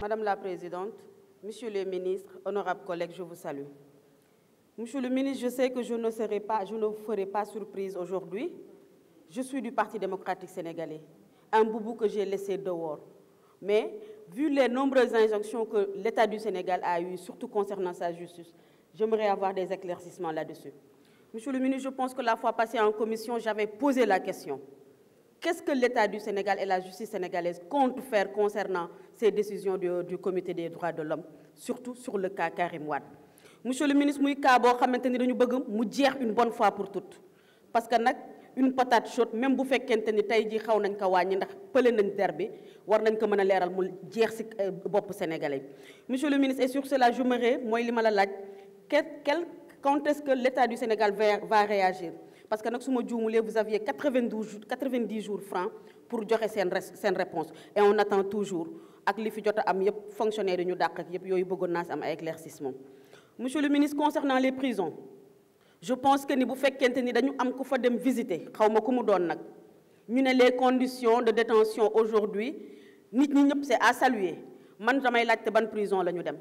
Madame la Présidente, Monsieur le Ministre, honorables collègues, je vous salue. Monsieur le Ministre, je sais que je ne, je ne vous ferai pas surprise aujourd'hui. Je suis du Parti démocratique sénégalais, un boubou que j'ai laissé dehors. Mais vu les nombreuses injonctions que l'État du Sénégal a eues, surtout concernant sa justice, j'aimerais avoir des éclaircissements là-dessus. Monsieur le ministre, je pense que la fois passée en commission, j'avais posé la question. Qu'est-ce que l'État du Sénégal et la justice sénégalaise comptent faire concernant ces décisions du, Comité des droits de l'homme, surtout sur le cas Karim Wade Monsieur le ministre, nous avons dire une bonne fois pour toutes. Parce a une patate chaude, même si vous faites que sénégalais. Monsieur le ministre, et sur cela, je me quel, quand est-ce que l'État du Sénégal va réagir parce que nag su ma juumulee vous aviez 92 90 jours francs pour joxe seen seen réponse et on attend toujours ak li fi jot a am yëpp fonctionnaire yi ñu dàq ak yëpp yooyu bëggoon naa si am ay éclaircissement monsieur le ministre concernant les prisons je pense que ni bu fekkente ni dañu am ku fa dem visiter xaw ma ku mu doon nag ñu ne les conditions de détention aujourd'hui nit ñi ñëpp c'est à saluer man damay laajte ban prison la ñu dem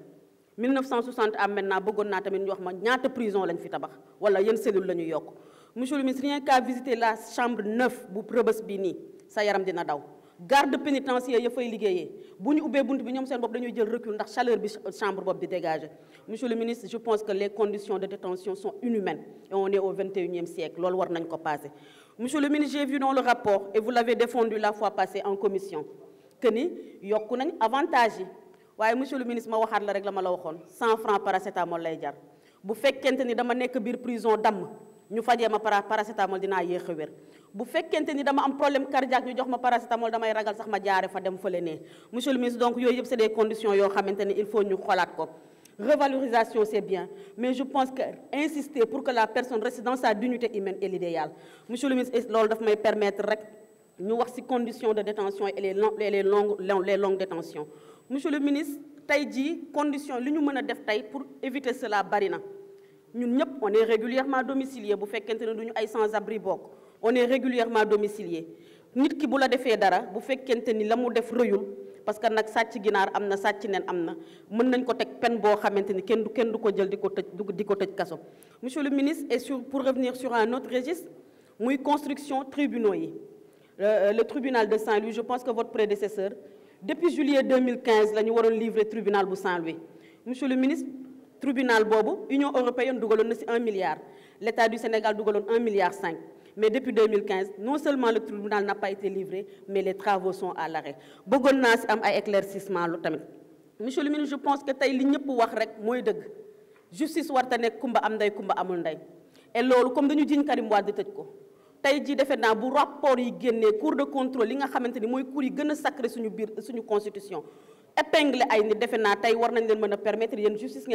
1960 am maintenant bëggoon naa tamit ñu wax ma ñaata prison lañ fi tabax wala yéen cellule la ñu yokk monsieur le ministre rien qu'à visiter la chambre 9 pour la bi de sa yaram dina garde pénitentiaire il faut y bu ñu ubbee bi ñoom seen bopp dañuy jël recul ndax chaleur la chambre bopp dégagée. monsieur le ministre je pense que les conditions de détention sont inhumaines et on est au 21e siècle monsieur le ministre j'ai vu dans le rapport et vous l'avez défendu la fois passée en commission que ni yokku nañ avantage monsieur le ministre je vais vous dire la la 100 francs paracétamol lay jar Vous faites ni dama nekk en prison d'âme, ñu fajee ma paracétamol dina yéex a bu fekkente ni dama am problème cardiaque ñu jox ma paracétamol damay ragal sax ma jaare fa dem fële né monsieur le ministre donc yooyu yëpp c'est des conditions yo xamanténi il faut ñu xolaat ko revalorisation c'est bien mais je pense que insister pour que la personne reste dans sa dignité humaine est l'idéal monsieur le ministre lool daf may permettre rek ñu wax ci conditions de détention et les les longues les longues détentions monsieur le ministre tay jii condition li ñu mëna def tay pour éviter cela barina nous ñëpp on est régulièrement domicilié bu fekkente ne duñu ay sans abri on est régulièrement domicilié nit ki bu la defee dara bu fekkente ni la mu def rëyul parce que nag sàcc ginaar amna, na sàcc nen am Mon mën nañ ko teg peine boo xamante ni kenn du kenn du ko jël di ko tëj di ko monsieur le ministre et sur pour revenir sur un autre registre muy construction tribunaux euh, euh, le tribunal de Saint-Louis je pense que votre prédécesseur depuis juillet 2015 la avons livré livrer tribunal de Saint-Louis monsieur le ministre tribunal bobu Union européenne dugaloon na ci un milliard l'État du Sénégal dugaloon 1 milliard 5 mais depuis 2015 non seulement le tribunal n'a pas été livré mais les travaux sont à l'arrêt bëggon na ci am ay éclaircissement lu tamit monsieur le ministre je pense que tay li ñëpp wax rek moy dëgg justice warta nek kumba am nday kumba amul nday et lolu comme dañu jiñ Karim Wade tejj ko tay ji defé na bu rapport yi génnee cour de contrôle li nga xamanteni moy cour yi gëna sacré suñu bir suñu constitution épingler ay nit permettre justice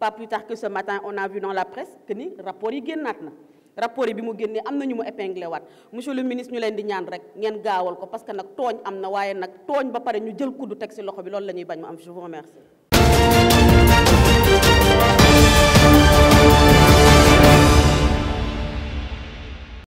pas plus tard que ce matin on a vu dans la presse que ni rapport yi rapport yi bi mu épinglé monsieur le ministre ñu di ñaan rek ngeen parce que nak togn je vous remercie